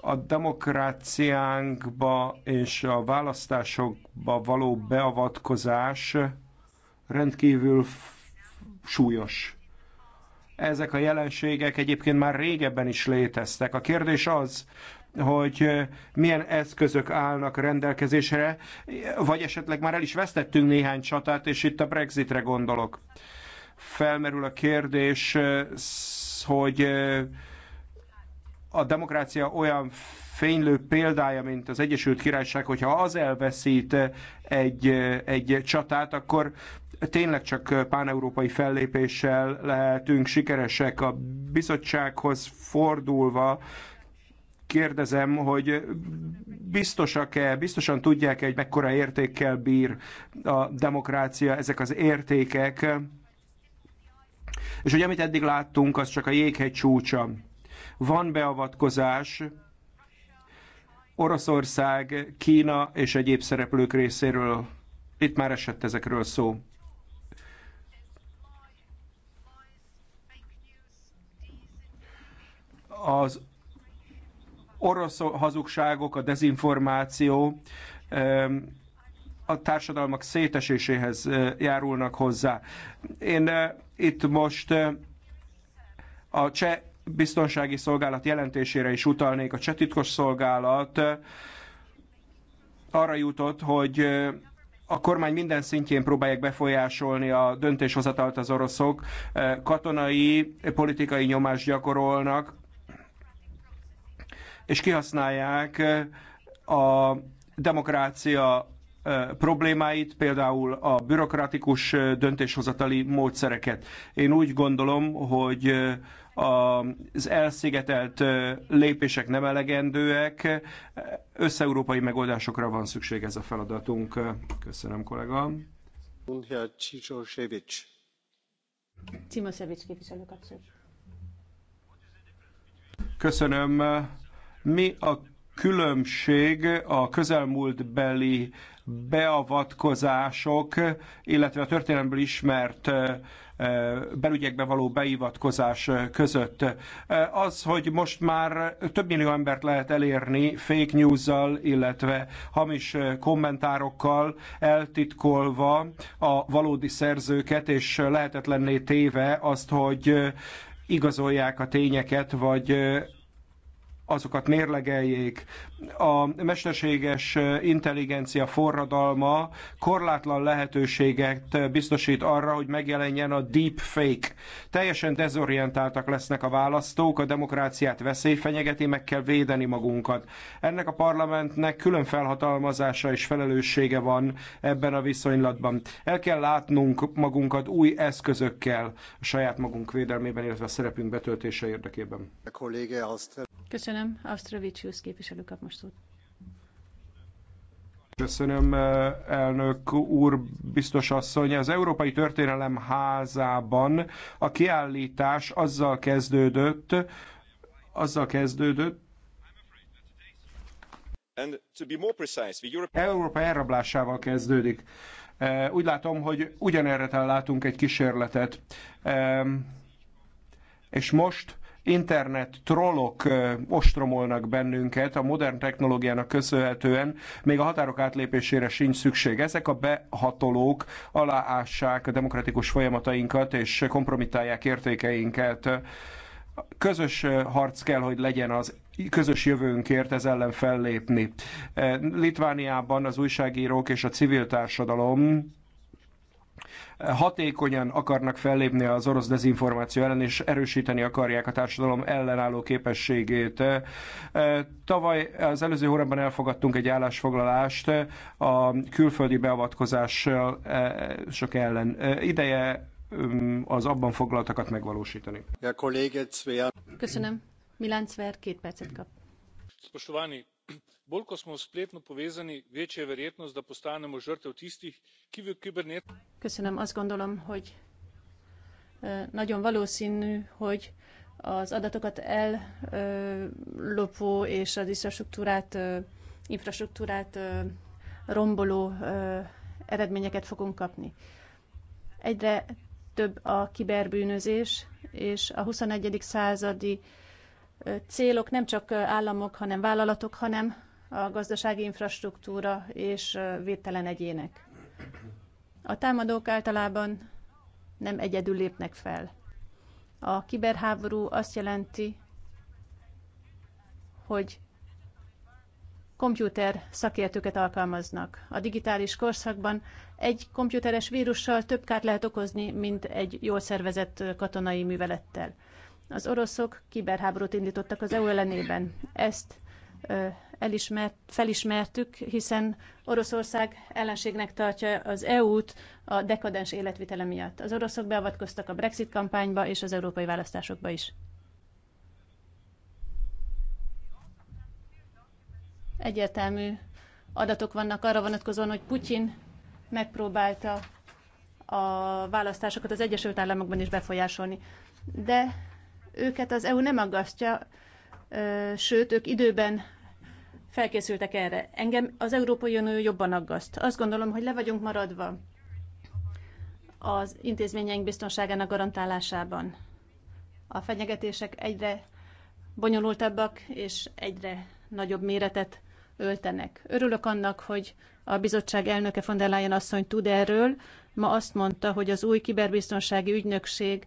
A demokráciánkba és a választásokba való beavatkozás rendkívül súlyos ezek a jelenségek egyébként már régebben is léteztek. A kérdés az, hogy milyen eszközök állnak rendelkezésre, vagy esetleg már el is vesztettünk néhány csatát, és itt a Brexitre gondolok. Felmerül a kérdés, hogy a demokrácia olyan fénylő példája, mint az Egyesült Királyság, hogyha az elveszít eh, egy, eh, egy csatát, akkor tényleg csak eh, páneurópai fellépéssel lehetünk sikeresek a bizottsághoz fordulva, kérdezem, hogy biztosak-e, biztosan tudják-e, hogy mekkora értékkel bír a demokrácia, ezek az értékek, és hogy amit eddig láttunk, az csak a jéghegy csúcsa. Van beavatkozás, Oroszország, Kína és egyéb szereplők részéről. Itt már esett ezekről szó. Az orosz hazugságok, a dezinformáció a társadalmak széteséséhez eh, járulnak hozzá. Én eh, itt most eh, a cseh biztonsági szolgálat jelentésére is utalnék. A csetitkos szolgálat eh, arra jutott, hogy eh, a kormány minden szintjén próbálják befolyásolni a döntéshozatalt az oroszok, eh, katonai, politikai nyomást gyakorolnak, és kihasználják a demokrácia problémáit, például a bürokratikus döntéshozatali módszereket. Én úgy gondolom, hogy az elszigetelt lépések nem elegendőek, összeurópai megoldásokra van szükség ez a feladatunk. Köszönöm, kollega. Köszönöm. Mi a különbség a közelmúltbeli beavatkozások, illetve a történelemből ismert belügyekbe való beivatkozás között. Az, hogy most már több millió embert lehet elérni fake news-zal, illetve hamis kommentárokkal, eltitkolva a valódi szerzőket, és lehetetlenné téve azt, hogy igazolják a tényeket, vagy azokat mérlegeljék. A mesterséges intelligencia forradalma korlátlan lehetőséget biztosít arra, hogy megjelenjen a deep fake. Teljesen dezorientáltak lesznek a választók, a demokráciát veszély fenyegeti, meg kell védeni magunkat. Ennek a parlamentnek külön felhatalmazása és felelőssége van ebben a viszonylatban. El kell látnunk magunkat új eszközökkel a saját magunk védelmében, illetve a szerepünk betöltése érdekében. Köszönöm. Köszönöm. Asztravicius képviselő kap most szót. Köszönöm, elnök úr, biztos asszony. Az Európai Történelem házában a kiállítás azzal kezdődött, azzal kezdődött, Európa elrablásával kezdődik. E, úgy látom, hogy ugyanerre találtunk egy kísérletet. E, és most internet trollok ostromolnak bennünket a modern technológiának köszönhetően, még a határok átlépésére sincs szükség. Ezek a behatolók aláássák a demokratikus folyamatainkat és kompromitálják értékeinket. Közös harc kell, hogy legyen az közös jövőnkért ez ellen fellépni. Litvániában az újságírók és a civil társadalom hatékonyan akarnak fellépni az orosz dezinformáció ellen, és erősíteni akarják a társadalom ellenálló képességét. E, tavaly az előző hónapban elfogadtunk egy állásfoglalást a külföldi beavatkozás e, sok ellen. E, ideje mm, az abban foglaltakat megvalósítani. Köszönöm. Milán Cver két percet kap bolj ko smo spletno povezani večja je verjetnost da postanemo žrtev tistih ki v kibernetikai. köszönöm azt gondolom hogy e, nagyon valószínű hogy az adatokat ellopó és az infrastruktúrát, e, infrastruktúrát e, romboló eredményeket fogunk kapni. Egyre több a kiberbűnözés, és a 21. századi célok nem csak államok, hanem vállalatok, hanem a gazdasági infrastruktúra és védtelen egyének. A támadók általában nem egyedül lépnek fel. A kiberháború azt jelenti, hogy komputer szakértőket alkalmaznak. A digitális korszakban egy komputeres vírussal több kárt lehet okozni, mint egy jól szervezett katonai művelettel. Az oroszok kiberháborút indítottak az EU ellenében. Ezt elismert, felismertük, hiszen Oroszország ellenségnek tartja az EU-t a dekadens életvitele miatt. Az oroszok beavatkoztak a Brexit kampányba és az európai választásokba is. Egyértelmű adatok vannak arra vonatkozóan, hogy Putyin megpróbálta a választásokat az Egyesült Államokban is befolyásolni. De őket az EU nem aggasztja, sőt, ők időben felkészültek erre. Engem az Európai Unió jobban aggaszt. Azt gondolom, hogy le vagyunk maradva az intézményeink biztonságának garantálásában. A fenyegetések egyre bonyolultabbak és egyre nagyobb méretet öltenek. Örülök annak, hogy a bizottság elnöke von der Leyen asszony tud erről. Ma azt mondta, hogy az új kiberbiztonsági ügynökség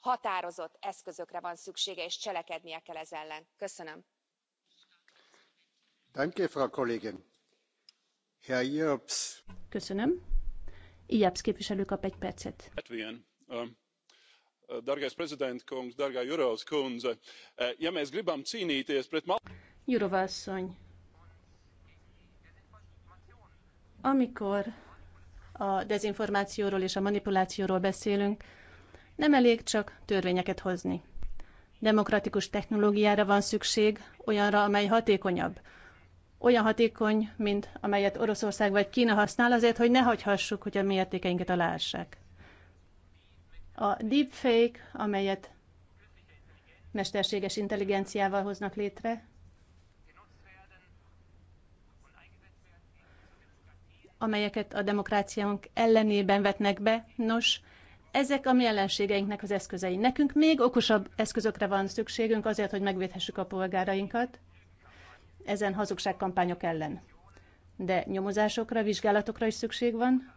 határozott eszközökre van szüksége és cselekednie kell ez ellen. köszönöm. köszönöm. Ijabsz képviselő kap egy percet. Um, dargais prezident kungs, dargā Jurovs kundze, uh, ja mēs gribam cīnīties pret... Jurova asszony, amikor a dezinformációról és a manipulációról beszélünk, nem elég csak törvényeket hozni. Demokratikus technológiára van szükség, olyanra, amely hatékonyabb. Olyan hatékony, mint amelyet Oroszország vagy Kína használ azért, hogy ne hagyhassuk, hogy a mi értékeinket A deepfake, amelyet mesterséges intelligenciával hoznak létre, amelyeket a demokráciánk ellenében vetnek be. Nos, ezek a mi ellenségeinknek az eszközei. Nekünk még okosabb eszközökre van szükségünk azért, hogy megvédhessük a polgárainkat ezen hazugságkampányok ellen. De nyomozásokra, vizsgálatokra is szükség van.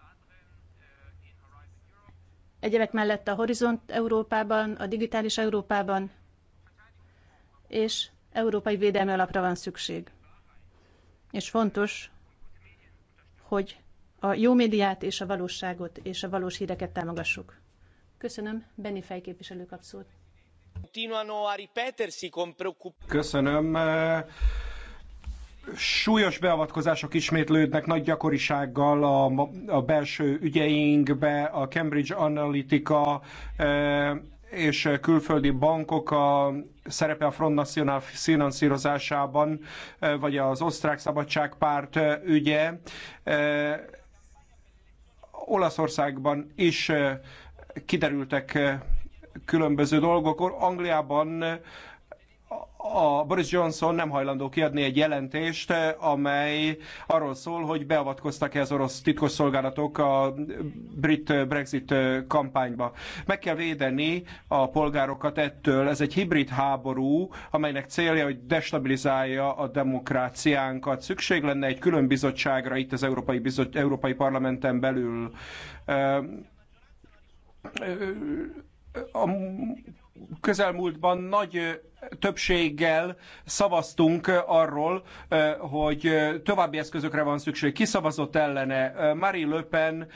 Egyebek mellett a Horizont Európában, a Digitális Európában és Európai Védelmi Alapra van szükség. És fontos, hogy a jó médiát és a valóságot és a valós híreket támogassuk. Köszönöm, Benni fejképviselő kap Köszönöm. Súlyos beavatkozások ismétlődnek nagy gyakorisággal a, a belső ügyeinkbe, a Cambridge Analytica e, és külföldi bankok a szerepe a Front National finanszírozásában, e, vagy az osztrák szabadságpárt ügye. E, Olaszországban is kiderültek eh, különböző dolgok. Angliában eh, a Boris Johnson nem hajlandó kiadni egy jelentést, eh, amely arról szól, hogy beavatkoztak-e az orosz titkosszolgálatok a brit Brexit kampányba. Meg kell védeni a polgárokat ettől. Ez egy hibrid háború, amelynek célja, hogy destabilizálja a demokráciánkat. Szükség lenne egy külön bizottságra itt az Európai, Bizot- Európai Parlamenten belül a közelmúltban nagy többséggel szavaztunk arról, hogy további eszközökre van szükség. Kiszavazott ellene Marie Le Pen,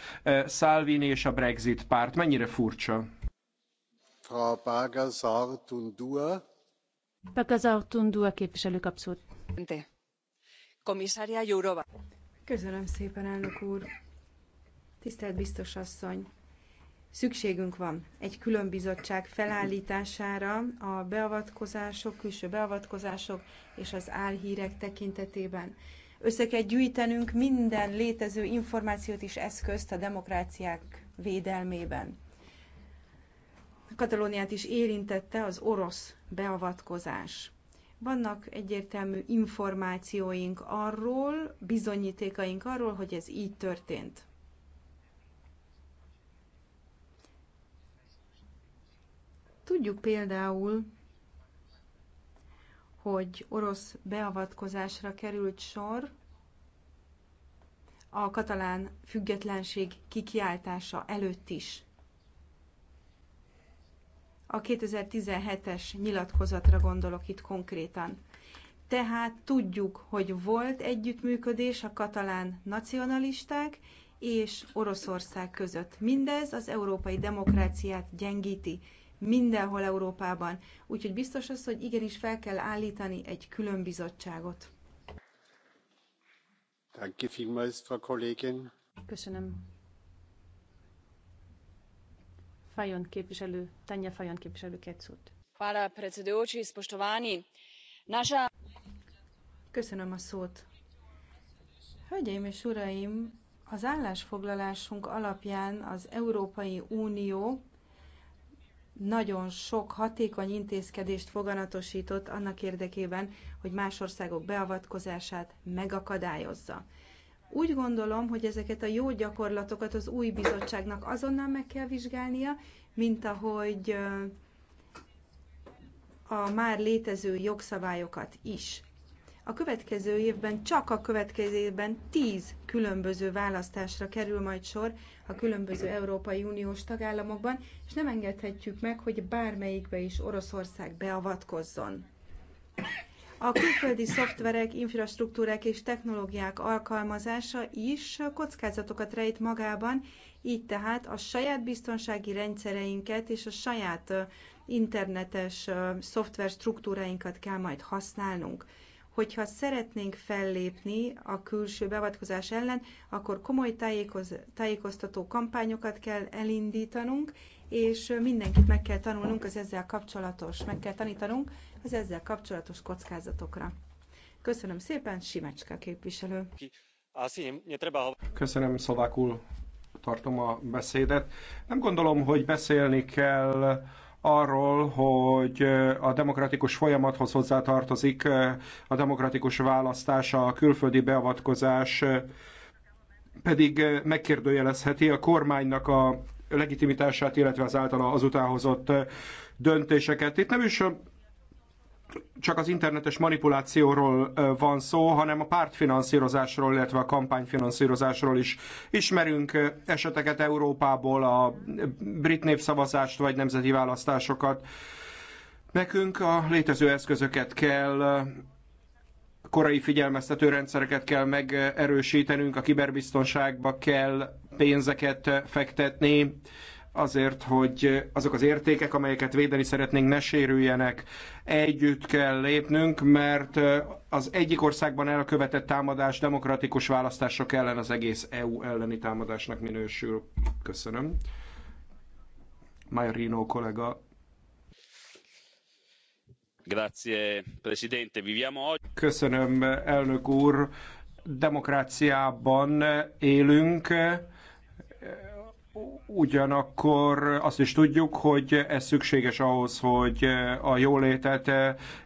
Salvini és a Brexit párt. Mennyire furcsa? Frau Bagazar Tundua. Bagazar Tundua képviselő kapszót. Jourova. Köszönöm szépen, elnök úr. Tisztelt biztos asszony, Szükségünk van egy külön bizottság felállítására a beavatkozások, külső beavatkozások és az álhírek tekintetében. Össze kell gyűjtenünk minden létező információt és eszközt a demokráciák védelmében. Katalóniát is érintette az orosz beavatkozás. Vannak egyértelmű információink arról, bizonyítékaink arról, hogy ez így történt. Tudjuk például, hogy orosz beavatkozásra került sor a katalán függetlenség kikiáltása előtt is. A 2017-es nyilatkozatra gondolok itt konkrétan. Tehát tudjuk, hogy volt együttműködés a katalán nacionalisták és Oroszország között. Mindez az európai demokráciát gyengíti, mindenhol Európában. Úgyhogy biztos az, hogy igenis fel kell állítani egy külön bizottságot. Köszönöm. Fajon képviselő, Tanja Fajon képviselő két szót. Hvala predsedujoči, spoštovani. Naša... Köszönöm a szót. Hölgyeim és uraim, az állásfoglalásunk alapján az Európai Unió nagyon sok hatékony intézkedést foganatosított annak érdekében, hogy más országok beavatkozását megakadályozza. Úgy gondolom, hogy ezeket a jó gyakorlatokat az új bizottságnak azonnal meg kell vizsgálnia, mint ahogy a már létező jogszabályokat is. A következő évben, csak a következő évben tíz különböző választásra kerül majd sor a különböző Európai Uniós tagállamokban, és nem engedhetjük meg, hogy bármelyikbe is Oroszország beavatkozzon. A külföldi szoftverek, infrastruktúrák és technológiák alkalmazása is kockázatokat rejt magában, így tehát a saját biztonsági rendszereinket és a saját internetes szoftver struktúráinkat kell majd használnunk. Hogyha szeretnénk fellépni a külső beavatkozás ellen, akkor komoly tájékoz, tájékoztató kampányokat kell elindítanunk, és mindenkit meg kell tanulnunk az ezzel kapcsolatos, meg kell tanítanunk az ezzel kapcsolatos kockázatokra. Köszönöm szépen, Simecska képviselő. Köszönöm, szlovákul tartom a beszédet. Nem gondolom, hogy beszélni kell arról, hogy a demokratikus folyamathoz hozzátartozik a demokratikus választás, a külföldi beavatkozás pedig megkérdőjelezheti a kormánynak a legitimitását, illetve az általa azután hozott döntéseket. Itt nem is csak az internetes manipulációról van szó, hanem a pártfinanszírozásról, illetve a kampányfinanszírozásról is. Ismerünk eseteket Európából, a brit népszavazást vagy nemzeti választásokat. Nekünk a létező eszközöket kell korai figyelmeztető rendszereket kell megerősítenünk, a kiberbiztonságba kell pénzeket fektetni, azért, hogy azok az értékek, amelyeket védeni szeretnénk, ne sérüljenek. Együtt kell lépnünk, mert az egyik országban elkövetett támadás demokratikus választások ellen az egész EU elleni támadásnak minősül. Köszönöm. Majorino kollega. Grazie, Presidente. Viviamo oggi. Köszönöm, elnök úr. Demokráciában élünk Ugyanakkor azt is tudjuk, hogy ez szükséges ahhoz, hogy a jólétet,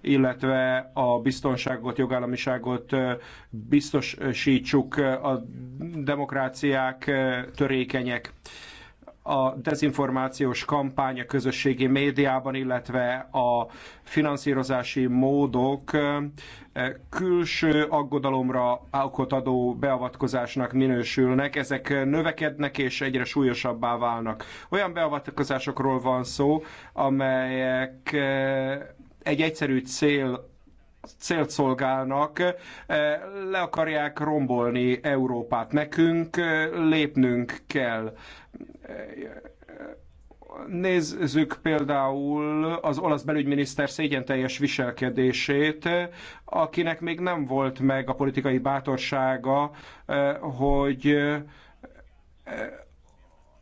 illetve a biztonságot, jogállamiságot biztosítsuk. A demokráciák törékenyek a dezinformációs kampány a közösségi médiában, illetve a finanszírozási módok külső aggodalomra okot adó beavatkozásnak minősülnek, ezek növekednek és egyre súlyosabbá válnak. Olyan beavatkozásokról van szó, amelyek egy egyszerű cél célt szolgálnak, eh, le akarják rombolni Európát. Nekünk eh, lépnünk kell. Eh, nézzük például az olasz belügyminiszter teljes viselkedését, akinek még nem volt meg a politikai bátorsága, hogy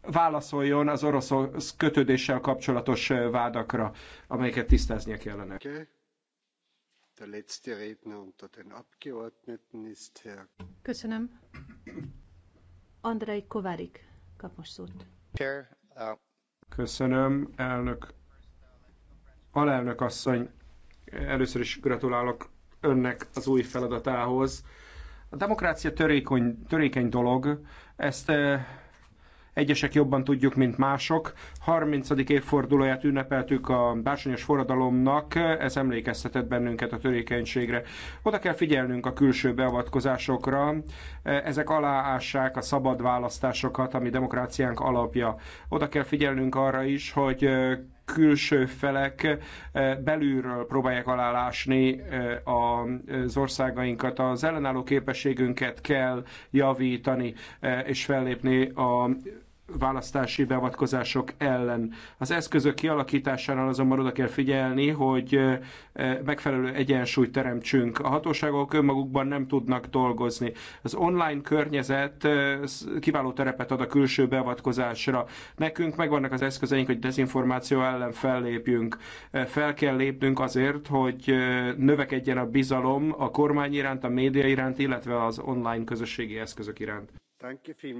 válaszoljon az orosz kötődéssel kapcsolatos vádakra, amelyeket tisztáznia kellene. Okay. Köszönöm. Andrei Kovárik kap most szót. Uh, Köszönöm, elnök. Alelnök asszony, először is gratulálok önnek az új feladatához. A demokrácia törékony, törékeny dolog, ezt eh, egyesek jobban tudjuk, mint mások. 30. évfordulóját ünnepeltük a bársonyos forradalomnak, ez emlékeztetett bennünket a törékenységre. Oda kell figyelnünk a külső beavatkozásokra, ezek aláássák a szabad választásokat, ami demokráciánk alapja. Oda kell figyelnünk arra is, hogy külső felek belülről próbálják alálásni az országainkat. Az ellenálló képességünket kell javítani és fellépni a választási beavatkozások ellen. Az eszközök kialakításánál azonban oda kell figyelni, hogy megfelelő egyensúlyt teremtsünk. A hatóságok önmagukban nem tudnak dolgozni. Az online környezet kiváló terepet ad a külső beavatkozásra. Nekünk megvannak az eszközeink, hogy dezinformáció ellen fellépjünk. Fel kell lépnünk azért, hogy növekedjen a bizalom a kormány iránt, a média iránt, illetve az online közösségi eszközök iránt. Thank you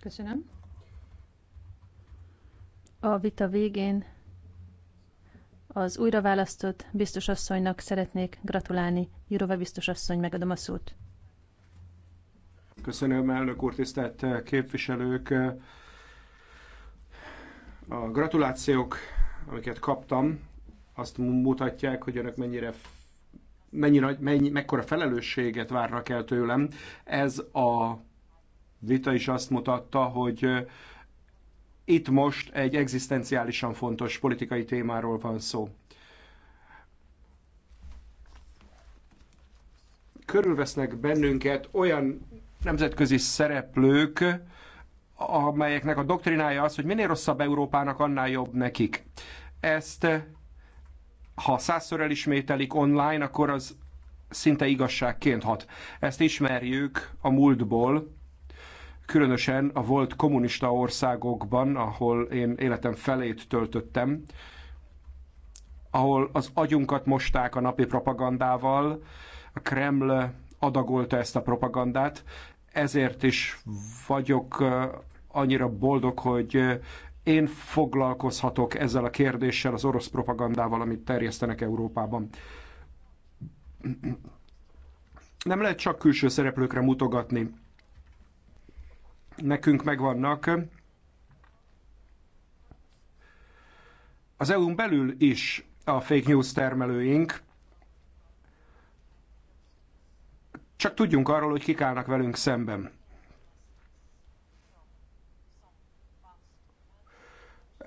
Köszönöm. A vita végén az újraválasztott biztosasszonynak szeretnék gratulálni. Jurova biztosasszony, megadom a szót. Köszönöm, elnök úr, tisztelt képviselők. A gratulációk, amiket kaptam, azt mutatják, hogy önök mennyire mennyi, mennyi, mekkora felelősséget várnak el tőlem. Ez a vita is azt mutatta, hogy itt most egy egzisztenciálisan fontos politikai témáról van szó. Körülvesznek bennünket olyan nemzetközi szereplők, amelyeknek a doktrinája az, hogy minél rosszabb Európának, annál jobb nekik. Ezt ha százszor elismételik online, akkor az szinte igazságként hat. Ezt ismerjük a múltból, különösen a volt kommunista országokban, ahol én életem felét töltöttem, ahol az agyunkat mosták a napi propagandával, a Kreml adagolta ezt a propagandát, ezért is vagyok annyira boldog, hogy én foglalkozhatok ezzel a kérdéssel, az orosz propagandával, amit terjesztenek Európában. Nem lehet csak külső szereplőkre mutogatni nekünk megvannak. Az EU-n belül is a fake news termelőink, csak tudjunk arról, hogy kik állnak velünk szemben.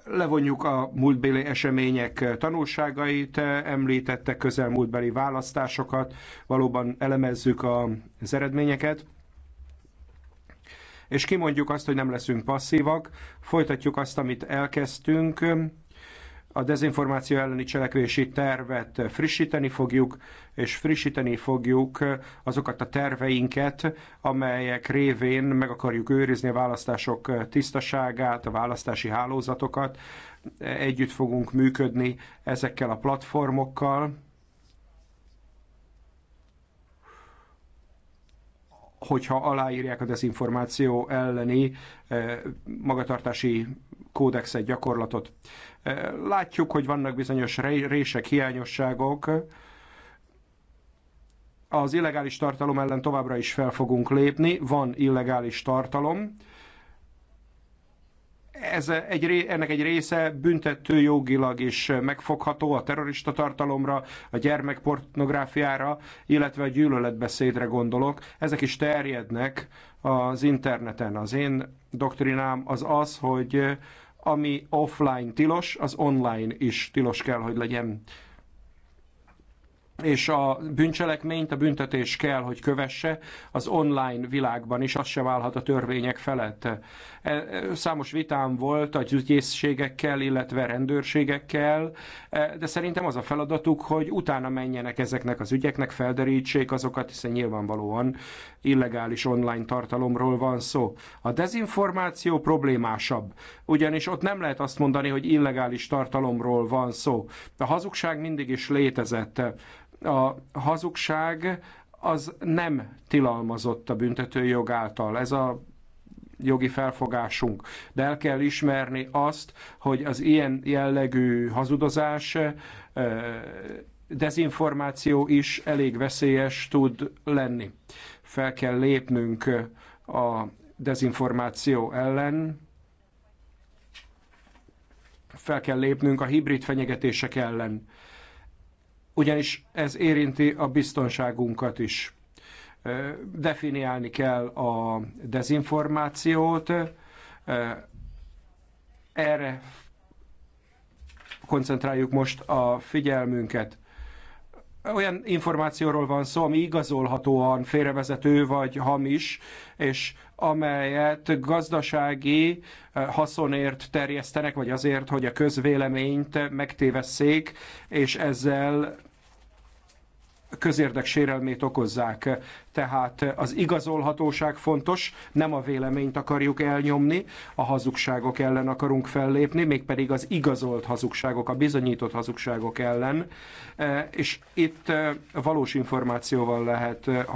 Levonjuk a múltbéli események tanulságait, említette közelmúltbeli választásokat, valóban elemezzük az eredményeket és kimondjuk azt, hogy nem leszünk passzívak, folytatjuk azt, amit elkezdtünk, a dezinformáció elleni cselekvési tervet frissíteni fogjuk, és frissíteni fogjuk azokat a terveinket, amelyek révén meg akarjuk őrizni a választások tisztaságát, a választási hálózatokat. Együtt fogunk működni ezekkel a platformokkal, hogyha aláírják a dezinformáció elleni eh, magatartási kódexet, gyakorlatot. Eh, látjuk, hogy vannak bizonyos rések, hiányosságok, az illegális tartalom ellen továbbra is fel fogunk lépni. Van illegális tartalom, ez egy, ennek egy része büntető jogilag is megfogható a terrorista tartalomra, a gyermekpornográfiára, illetve a gyűlöletbeszédre gondolok. Ezek is terjednek az interneten. Az én doktrinám az az, hogy ami offline tilos, az online is tilos kell, hogy legyen és a bűncselekményt a büntetés kell, hogy kövesse az online világban is, az se válhat a törvények felett. E, számos vitám volt a gyűjtészségekkel, illetve rendőrségekkel, e, de szerintem az a feladatuk, hogy utána menjenek ezeknek az ügyeknek, felderítsék azokat, hiszen nyilvánvalóan illegális online tartalomról van szó. A dezinformáció problémásabb, ugyanis ott nem lehet azt mondani, hogy illegális tartalomról van szó. A hazugság mindig is létezett a hazugság az nem tilalmazott a büntető jog által. Ez a jogi felfogásunk. De el kell ismerni azt, hogy az ilyen jellegű hazudozás, dezinformáció is elég veszélyes tud lenni. Fel kell lépnünk a dezinformáció ellen, fel kell lépnünk a hibrid fenyegetések ellen ugyanis ez érinti a biztonságunkat is. Definiálni kell a dezinformációt, erre koncentráljuk most a figyelmünket. Olyan információról van szó, ami igazolhatóan félrevezető vagy hamis, és amelyet gazdasági haszonért terjesztenek, vagy azért, hogy a közvéleményt megtévesszék, és ezzel közérdek sérelmét okozzák. Tehát az igazolhatóság fontos, nem a véleményt akarjuk elnyomni, a hazugságok ellen akarunk fellépni, mégpedig az igazolt hazugságok, a bizonyított hazugságok ellen, és itt valós információval lehet